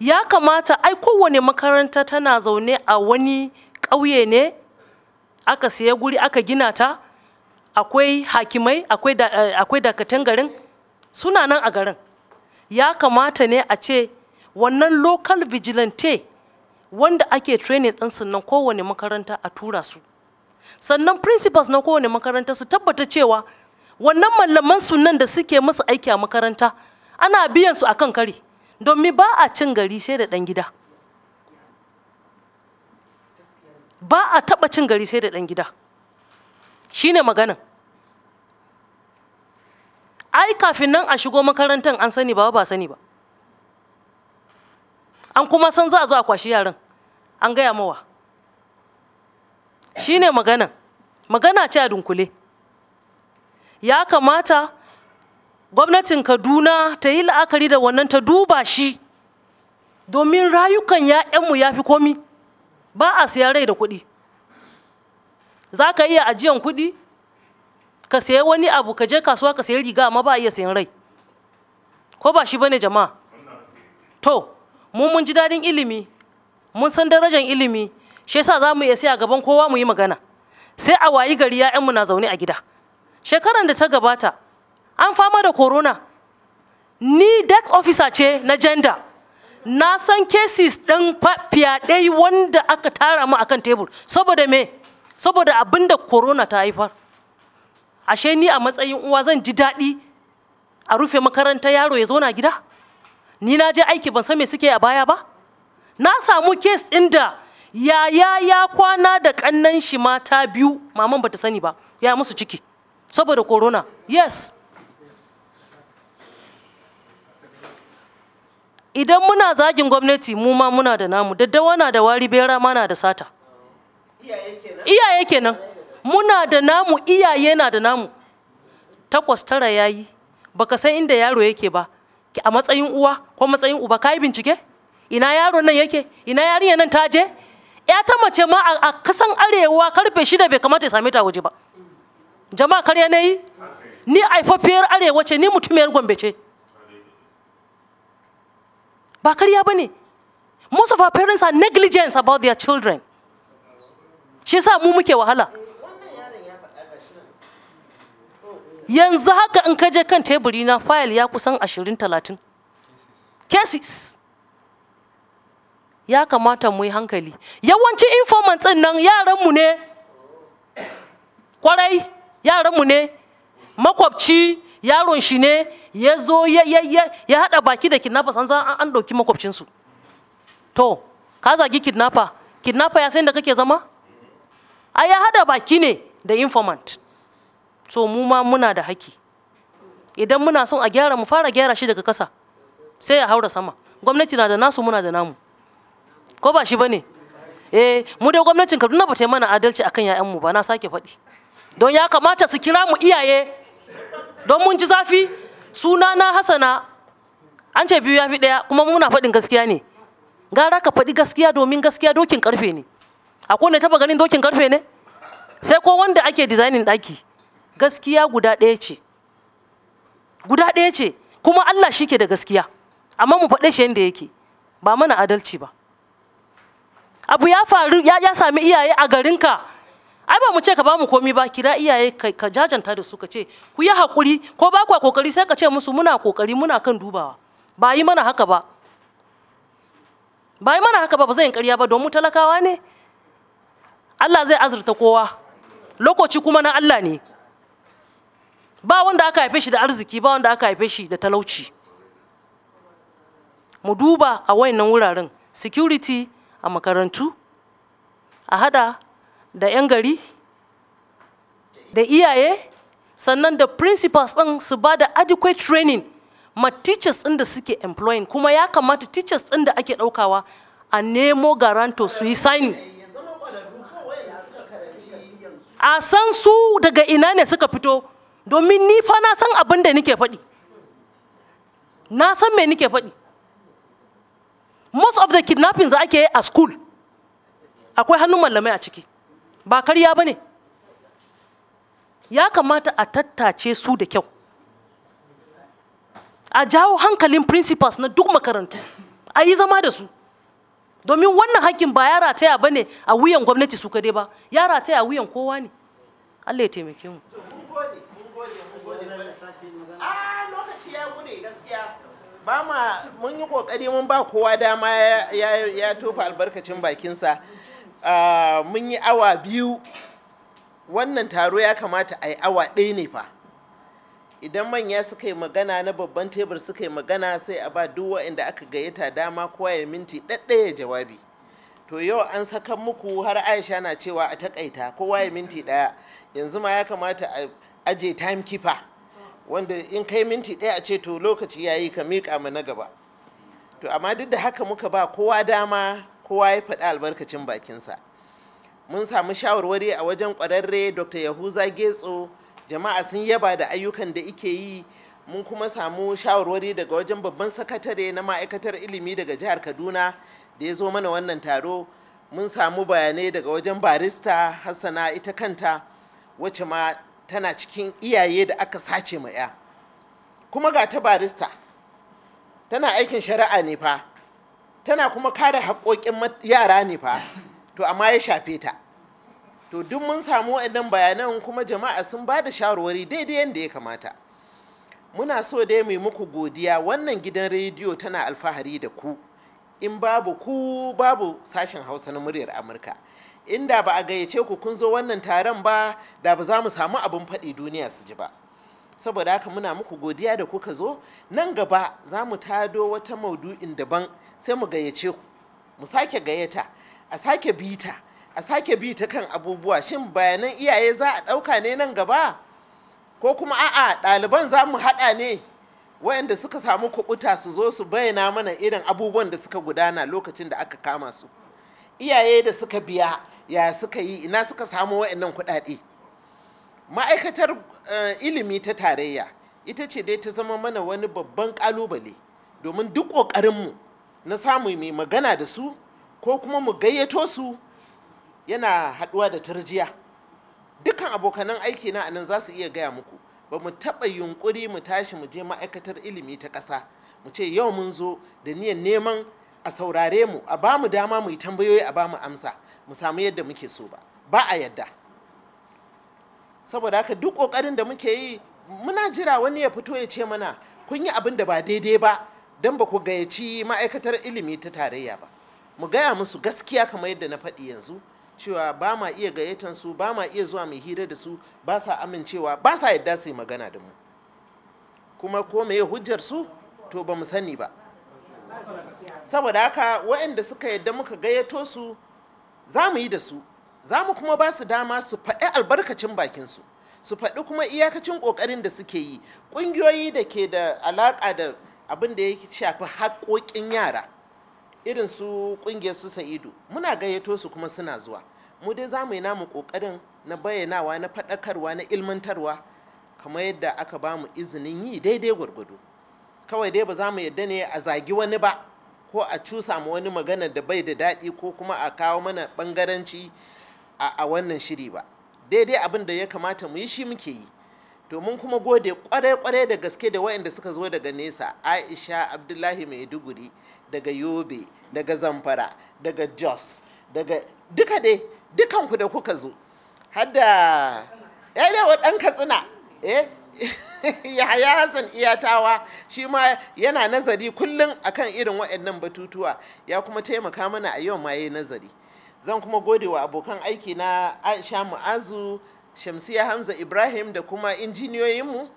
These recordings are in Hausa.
ya kamata ai kowane makaranta tana zaune a wani ƙauye ne aka siya guri aka gina ta akwai hakimai eh, akwai dakatan garin suna nan a garin ya kamata ne a ce wannan local vigilante wanda ake training ɗinsu nan kowane makaranta a tura su sannan principals na kowane makaranta su tabbata cewa wannan mallaman su nan da suke musu aiki a makaranta ana biyan su a kan kari domin ba a cin gari sai da ɗan gida ba a taɓa cin gari sai da ɗan gida shi ne maganin ai kafin nan a shigo makarantar an sani ba ba sani ba an kuma san za a zo a kwashi yaran an gaya mawa shi ne maganan magana ce a dunkule ya kamata gwamnatin kaduna ta yi la'akari da wannan ta duba shi domin rayukan ‘ya'yanmu ya fi komi ba a siya rai da kuɗi za ka iya ajiyan kuɗi ka sayi wani abu ka je kasuwa ka sayi riga amma ba a iya sayan rai ko ba shi bane jama'a to mu mun ji daɗin ilimi mun san darajar ilimi shi yasa za mu iya sai a gaban kowa mu yi magana sai a wayi gari ‘ya'yanmu na zaune a gida shekaran da ta gabata an fama da corona ni dex officer ce na gender na san cases ɗin fyaɗe wanda aka tara mu akan tebur saboda me saboda abin da corona ta haifar ashe ni a matsayin uwa zan ji daɗi a rufe makaranta yaro ya zauna gida ni na je aiki ban san me suke a baya ba na samu case inda yaya ya kwana da kannan shi mata biyu maman bata sani ba ya musu ciki saboda corona yes idan muna zagin gwamnati mu ma muna da namu daddawa na da wari bera ma na da sata iyaye kenan muna da namu iyaye na da namu takwas tara yayi baka san inda yaro yake ba a matsayin uwa ko matsayin uba kai bincike ina yaro nan yake ina yarinya nan ta je ya ta mace ma a kasan arewa karfe shida bai kamata ya same ta waje ba jama'a karya na yi ni aifafiyar arewa ce ni mutumiyar gombe ce ba karya bane most of our parents are negligent about their children shi yasa mu muke wahala yanzu haka in kaje kan teburi na fayil ya kusan ashirin talatin cases ya kamata mu yi hankali yawanci informants ɗin nan yaranmu ne kwarai yaranmu ne makwabci yaron shi ne ya zo ya haɗa baki da kidnappers an an ɗauki makwabcinsu to ka zagi kidnapper kidnapper ya san da kake zama a ya haɗa baki ne da informant so mu ma muna da haki idan muna son a gyara mu fara gyara shi daga ƙasa sai ya haura sama gwamnati na da nasu muna da namu ko ba shi ba ne eh mu dai gwamnatin kaduna ba ta yi mana adalci akan 'ya'yanmu ba na sake faɗi don ya kamata su kira mu iyaye don mun ji zafi suna na hasana an ce biyu ya fi ɗaya kuma muna faɗin gaskiya ne gara ka faɗi gaskiya domin gaskiya dokin karfe ne akwai wanda taba ganin dokin karfe ne sai ko wanda ake designing daki gaskiya guda ɗaya ce guda ɗaya ce kuma Allah shi ke da gaskiya amma mu faɗe shi yadda yake ba mana adalci ba abu ya faru ya sami iyaye a garinka ai ba mu ce ka ba mu komi ba kira iyaye ka jajanta da su ka ce ku yi hakuri ko ba ku kokari sai ka ce musu muna kokari muna kan dubawa ba yi mana haka ba ba yi mana haka ba ba zan ƙarya ba don mu talakawa ne Allah zai azurta kowa lokaci kuma na Allah ne ba wanda aka haife shi da arziki ba wanda aka haife shi da talauci mu duba a wayannan wuraren security a makarantu a hada da 'yan gari da iyaye sannan da principals ɗin su ba da adequate training ma teachers ɗin da suke employing kuma ya kamata teachers ɗin da ake ɗaukawa a nemo garanto su yi signing a san su daga ina ne suka fito domin ni fa na san abin da nike faɗi na san me nike faɗi most of the kidnappings da ake yi a school akwai hannun malamai a ciki ba karya ba ne ya kamata a tattace su da kyau a jawo hankalin principals na duk makarantu a yi zama da su domin wannan hakkin ba yara taya ba ne a wuyan gwamnati su kade ba yara taya wuyan kowa ne allah ya taimake mu ah, ba mun yi kokari mun ba kowa dama ya tofa albarkacin bakinsa mun yi awa biyu wannan taro ya kamata a yi awa ɗaya ne fa idan manya suka yi magana na babban tebur suka yi magana sai a ba duk inda aka gayyata dama kowa ya minti ɗaɗɗaya jawabi to yau an saka muku har aisha na cewa a takaita kowa ya minti ɗaya yanzu ma ya kamata a aje time keeper wanda in kai minti ɗaya a ce to lokaci ya yi ka miƙa mu na gaba to amma duk da haka muka ba kowa dama kowa ya faɗi albarkacin bakinsa mun samu shawarwari a wajen ƙwararre dr yahuza getso jama'a sun yaba da ayyukan da ike yi mun kuma samu shawarwari daga wajen babban sakatare na ma'aikatar ilimi daga jihar kaduna da ya zo mana wannan taro mun samu bayanai daga wajen barista hassana ita kanta wacce ma tana cikin iyaye da aka sace ma ya kuma ga ta barista tana aikin shari'a ne fa tana kuma kare haƙoƙin yara ne fa to amma ya shafe ta to duk mun samu waɗannan bayanan kuma jama'a sun ba da shawarwari daidai yadda ya kamata muna so dai mai muku godiya wannan gidan rediyo tana alfahari da ku in babu ku babu sashen hausa na muryar amurka inda ba a gayyace ku kun zo wannan taron ba da ba za mu samu abin faɗi duniya su ji ba saboda haka muna muku godiya da kuka zo nan gaba za mu tado wata maudu'in daban sai mu gayyace ku mu sake gayyata a sake bita a sake bi ta kan abubuwa shin bayanan iyaye za a ɗauka ne nan gaba ko kuma a'a ɗaliban za mu haɗa ne wayanda suka samu kuɓuta su zo su bayyana mana irin abubuwan da suka gudana lokacin da aka kama su iyaye da suka biya ya suka yi ina suka samu wayannan kuɗaɗe ma'aikatar eh, ilimi ta tarayya ita ce dai ta zama mana wani babban kalubale domin duk ƙoƙarinmu na samu mai magana da su ko kuma mu gayyato su yana haɗuwa da tarjiya dukkan abokanan aiki na anan za su iya gaya muku ba mu taɓa yunƙuri mu tashi mu je ma'aikatar ilimi ta ƙasa mu ce yau mun zo da niyan neman a saurare mu a ba mu dama mu yi tambayoyi a ba mu amsa mu samu yadda muke so ba ba a yadda saboda haka duk ƙoƙarin da muke yi muna jira wani ya fito ya ce mana kun yi abin da ba daidai ba don ba ku gayyaci ma'aikatar ilimi ta tarayya ba mu gaya musu gaskiya kamar yadda na faɗi yanzu cewa ba ma iya gayyatar su ba ma iya zuwa mai hira da su ba sa amincewa ba sa yadda su yi magana da mu kuma ko meye hujjar su to ba mu sani ba saboda haka waɗanda suka yadda muka gayyato su za mu yi da su za mu kuma ba su dama su faɗi albarkacin bakin su su faɗi kuma iyakacin ƙoƙarin da suke yi ƙungiyoyi da ke da alaƙa da abin da ya shafi haƙoƙin yara irin su ƙungiyar su sa'idu muna gayyato su kuma suna zuwa mu dai za mu yi namu ƙoƙarin na bayyanawa na faɗakarwa na ilmantarwa kamar yadda aka ba mu izinin yi daidai gwargwado kawai dai ba za mu yadda ne a zagi wani ba ko a cusa mu wani magana da bai da daɗi ko kuma a kawo mana ɓangaranci a wannan shiri ba daidai abin da ya kamata mu yi shi muke yi domin kuma gode kwarai-kwarai da gaske da waɗanda suka zo daga nesa aisha abdullahi maiduguri daga yobe daga zamfara daga jos daga duka dai dukanku da kuka zo hadda ya da eh, ɗan katsina eh yahaya hassan iyatawa shi ma yana nazari kullum akan irin waɗannan batutuwa ya kuma taimaka mana a yau ma yi nazari zan kuma gode wa abokan aiki na aisha mu'azu shamsiya hamza ibrahim da kuma injiniyoyinmu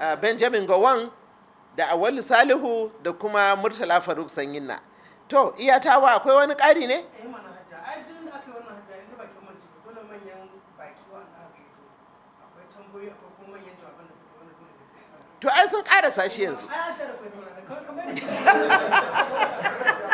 eh, benjamin gowon da awali salihu da kuma murtala faruk sanyinna to iya tawa akwai wani ƙari ne to ai sun ƙarasa shi yanzu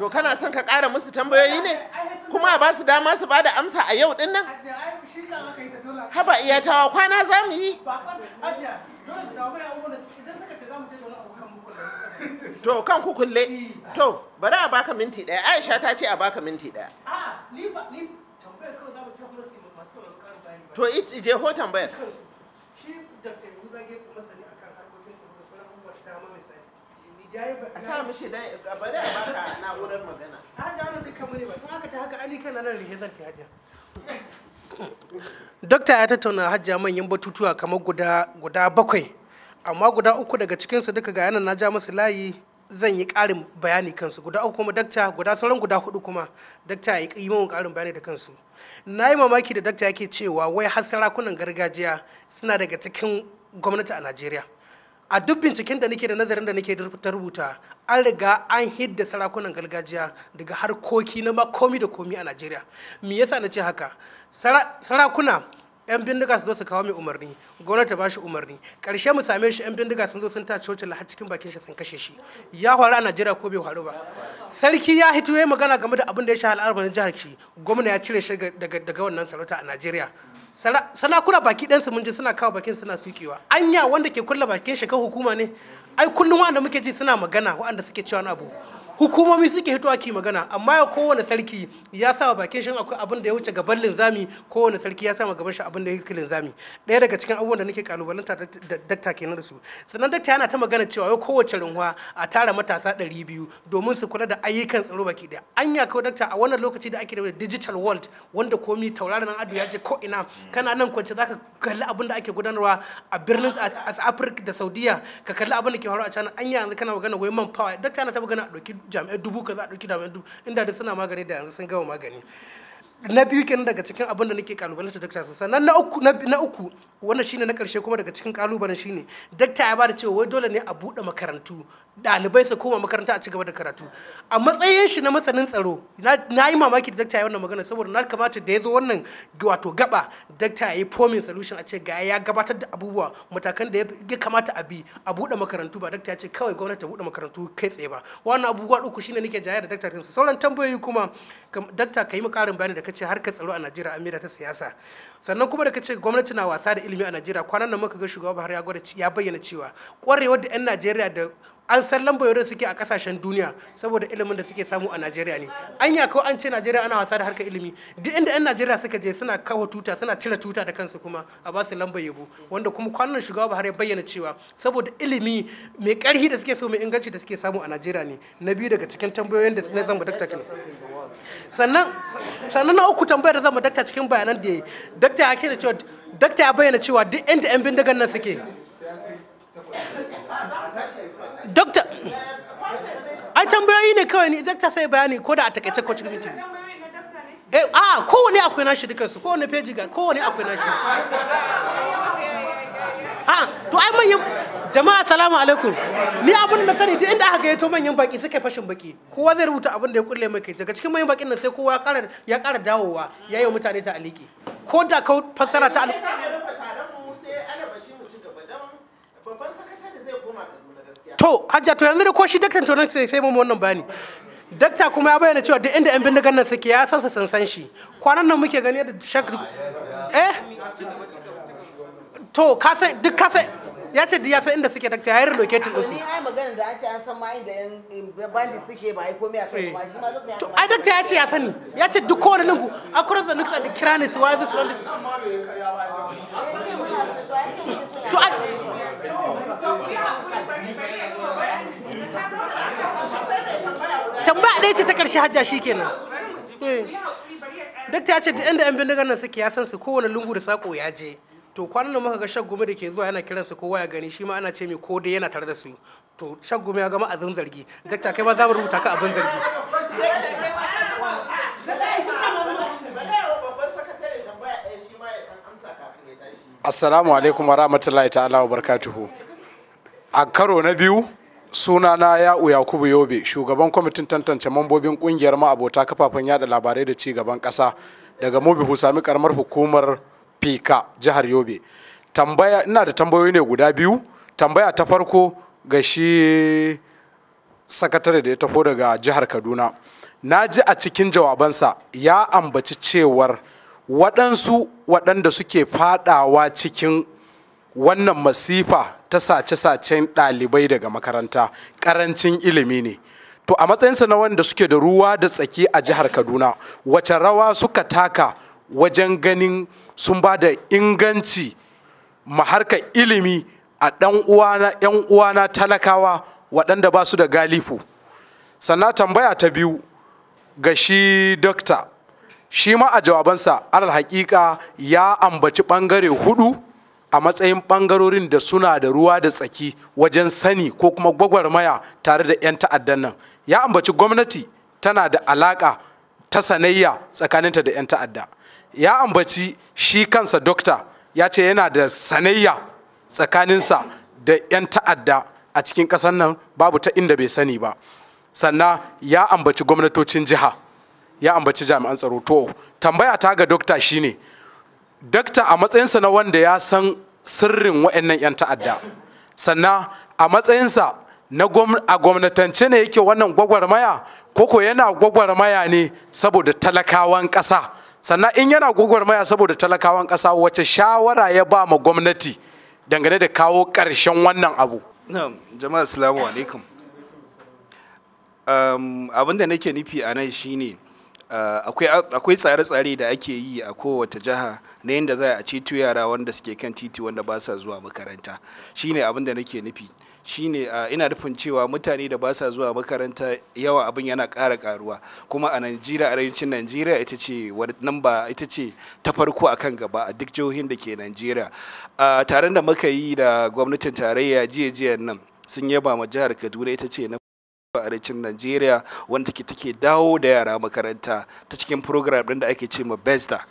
to kana son ka ƙara musu tambayoyi ne kuma ba su dama su bada amsa a yau dinnan nan haba iyatawa kwana za mu yi to kan ku kulle to bari a baka minti daya aisha ta ce a baka minti daya to je ho tambayar shi dokta ya tattauna hajja manyan batutuwa kamar guda bakwai amma guda uku daga cikinsu duka ga yanar na ja masu layi zan yi ƙarin bayani kansu guda uku kuma dakta guda sauran guda hudu kuma dakta ya yi min ƙarin bayani da kansu na yi mamaki da dakta yake cewa wai har sarakunan gargajiya suna daga cikin gwamnati a najeriya a duk binciken da nake da nazarin da nake ta rubuta an riga an hidda sarakunan gargajiya daga harkoki na makomi da komi a najeriya me yasa na ce haka sarakuna yan bindiga su zo su kawo mai umarni gwamnati ba shi umarni karshe mu same shi yan bindiga sun zo sun ta coci har cikin bakin shi sun kashe shi ya faru a najeriya ko bai faru ba sarki ya hito ya magana game da abin da ya sha al'arba jihar shi gwamna ya cire shi daga wannan sarauta a najeriya kuna baki ɗansu mun ji suna kawo bakin suna sukewa anya wanda ke kulla bakin shi ka hukuma ne ai kullum wanda muke ji suna magana waɗanda suke cewa abu hukumomi suke hito ki magana amma ya kowane sarki ya sa wa bakin shi akwai abin da ya wuce gaban linzami kowane sarki ya sa ma gaban shi abin da ya wuce linzami ɗaya daga cikin abubuwan da nake kalubalanta da dakta kenan da su sannan dakta yana ta magana cewa yau kowace runwa a tara matasa ɗari biyu domin su kula da ayyukan tsaro baki ɗaya anya kawo dakta a wannan lokaci da ake da digital world wanda komi tauraron nan ado ya je ko ina kana nan kwance zaka kalli abin da ake gudanarwa a birnin a Africa da Saudiya ka kalli abin da ke faruwa a can anya yanzu kana magana wai man power dakta yana ta magana a ɗauki jami'ai dubu ka a ɗauki jami'ai dubu inda da suna magani da yanzu sun gama magani na biyu kenan daga cikin abin da nake kalubalanta dakta sun nan na uku na uku wannan shine na karshe kuma daga cikin kalubalen shine dakta ya ba da cewa wai dole ne a buɗe makarantu dalibai su koma makaranta a cigaba da karatu a matsayin shi na masanin tsaro na yi mamaki da dakta ya wannan magana saboda na kamata da ya zo wannan wato gaba dakta ya yi forming solution a ce ga ya gabatar da abubuwa matakan da ya kamata a bi a buɗe makarantu ba dakta ya ce kawai gwamnati ta buɗe makarantu kai tsaye ba wannan abubuwa uku shine nake jaya da dakta sa sauran tambayoyi kuma dakta ka yi mu bayani da kace harkar tsaro a Najeriya amira ta siyasa sannan kuma da kace gwamnati na wasa da ilimi a Najeriya kwanan nan muka ga shugaba Buhari ya gwada ya bayyana cewa kwarewar da 'yan Najeriya da an san lambar da suke a kasashen duniya saboda ilimin da suke samu a najeriya ne an ko an ce najeriya ana wasa da harkar ilimi duk inda yan najeriya suka je suna kawo tuta suna cire tuta da kansu kuma a ba su lambar yabo wanda kuma kwanan shugaba buhari ya bayyana cewa saboda ilimi mai karhi da suke so mai inganci da suke samu a najeriya ne na biyu daga cikin tambayoyin da na zama dakta kin sannan sannan na uku tambayar da zama dakta cikin bayanan da ya yi dakta ya da cewa dakta ya bayyana cewa duk inda yan bindigan nan suke Doctor, ai tambayoyi ne kawai ni dokta sai bayani ko da a takaice ko cikin mintuni. eh a kowane akwai nashi dukansu kowane feji ga kowane akwai nashi a to ai manyan jama'a salamu alaikum ni abin da sani inda aka gayyato manyan baki suka fashin baki kowa zai rubuta abin da ya kulle mai kai daga cikin manyan bakin nan sai kowa ya kara dawowa ya yi mutane ta aliki ko da ka fassara ta aliki to hajja to yanzu da ko shi daktan to sai sai mun wannan bani dakta kuma ya bayyana cewa duk inda yan bindigan nan suke ya san su san san shi kwanan nan muke gani da shak eh to ka sai duk ka sai ya ce ya san inda suke ta ya relocating din su ni ai magana da ce an san ma inda yan bandi suke ba ai komai akai ba shi ma lokacin to ai dakta ya ce ya sani ya ce duk kowane lungu across the nukes and the su why this one to ai tambaya ɗaya ce ta ƙarshe hajja shi kenan eh. dakta ya ce duk inda yan bindigar nan suke ya san su kowane lungu da sako ya je to kwanan nan muka ga shaggume da ke zuwa yana kiran su kowa ya gani shi ma ana ce mai ko dai yana tare da su to shaggume ya gama zan zargi dakta kai ma za mu rubuta ka abin zargi assalamu alaikum wa rahmatullahi ta'ala wa barakatuhu a karo na biyu sunana ya'u yakubu yobe shugaban kwamitin tantance mambobin kungiyar ma'abota kafafen yada labarai da ci gaban kasa daga mubi husami karamar hukumar fika jihar yobe tambaya ina da tambayoyi ne guda biyu tambaya ta farko ga shi sakatare da ya taho daga jihar kaduna na ji a cikin jawabansa ya ambaci cewar waɗansu waɗanda suke fadawa cikin wannan masifa ta sace-sacen ɗalibai daga makaranta ƙarancin ilimi ne to a matsayinsa na wanda suke da ruwa da tsaki a jihar kaduna wace rawa suka taka wajen ganin sun ba da inganci ma harka ilimi a ɗan uwana ‘yan uwana talakawa waɗanda ba su da galifu sannan tambaya ta biyu ga shi dokta shi ma a jawabansa alal haƙiƙa ya ambaci ɓangare hudu a matsayin ɓangarorin da suna da ruwa da tsaki wajen sani ko kuma gwagwarmaya tare da 'yan ta'addan nan ya ambaci gwamnati tana da alaƙa ta sanayya tsakaninta da 'yan ta'adda ya ambaci shi kansa dokta ya ce yana da sanayya tsakaninsa da 'yan ta'adda a cikin ƙasar nan babu ta inda bai sani ba sannan ya ambaci gwamnatocin jiha ya ambaci jami'an tsaro to tambaya ta ga dokta shine dokta a matsayinsa na wanda ya san sirrin wa'annan 'yan ta'adda sannan a matsayinsa a gwamnatance ne yake wannan gwagwarmaya koko yana gwagwarmaya ne saboda talakawan ƙasa sannan in yana maya saboda talakawan ƙasa wace shawara ya ba ma gwamnati dangane da kawo karshen wannan abu jama'a assalamu alaikum abin da nake nufi a nan shine akwai tsare-tsare da ake yi a kowace jiha na yadda za a ceto yara wanda suke kan titi wanda ba sa zuwa makaranta shine abin da nake nufi shine ina nufin cewa mutane da ba sa zuwa makaranta yawa abin yana kara karuwa kuma a najeriya arewacin najeriya ita ce namba ita ce ta farko a kan gaba a duk jihohin da ke najeriya a taron da muka yi da gwamnatin tarayya jiya jiya nan sun yaba ma jihar kaduna ita ce na arewacin najeriya wanda take dawo da yara makaranta ta cikin program ɗin da ake ce ma besta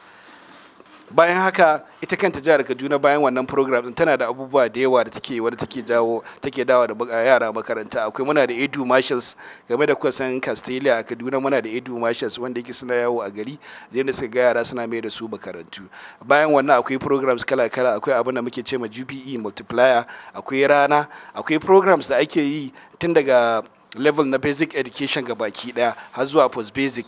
bayan haka ita kanta jihar kaduna bayan wannan program din tana da abubuwa da yawa da take wanda take jawo take dawa da yara makaranta akwai muna da edu marshals game da kuka san castelia a kaduna muna da edu marshals wanda yake suna yawo a gari da yadda suka ga yara suna mai da su makarantu bayan wannan akwai programs kala kala akwai abin da muke ce ma gpe multiplier akwai rana akwai programs da ake yi tun daga level na basic education ga baki daya har zuwa post basic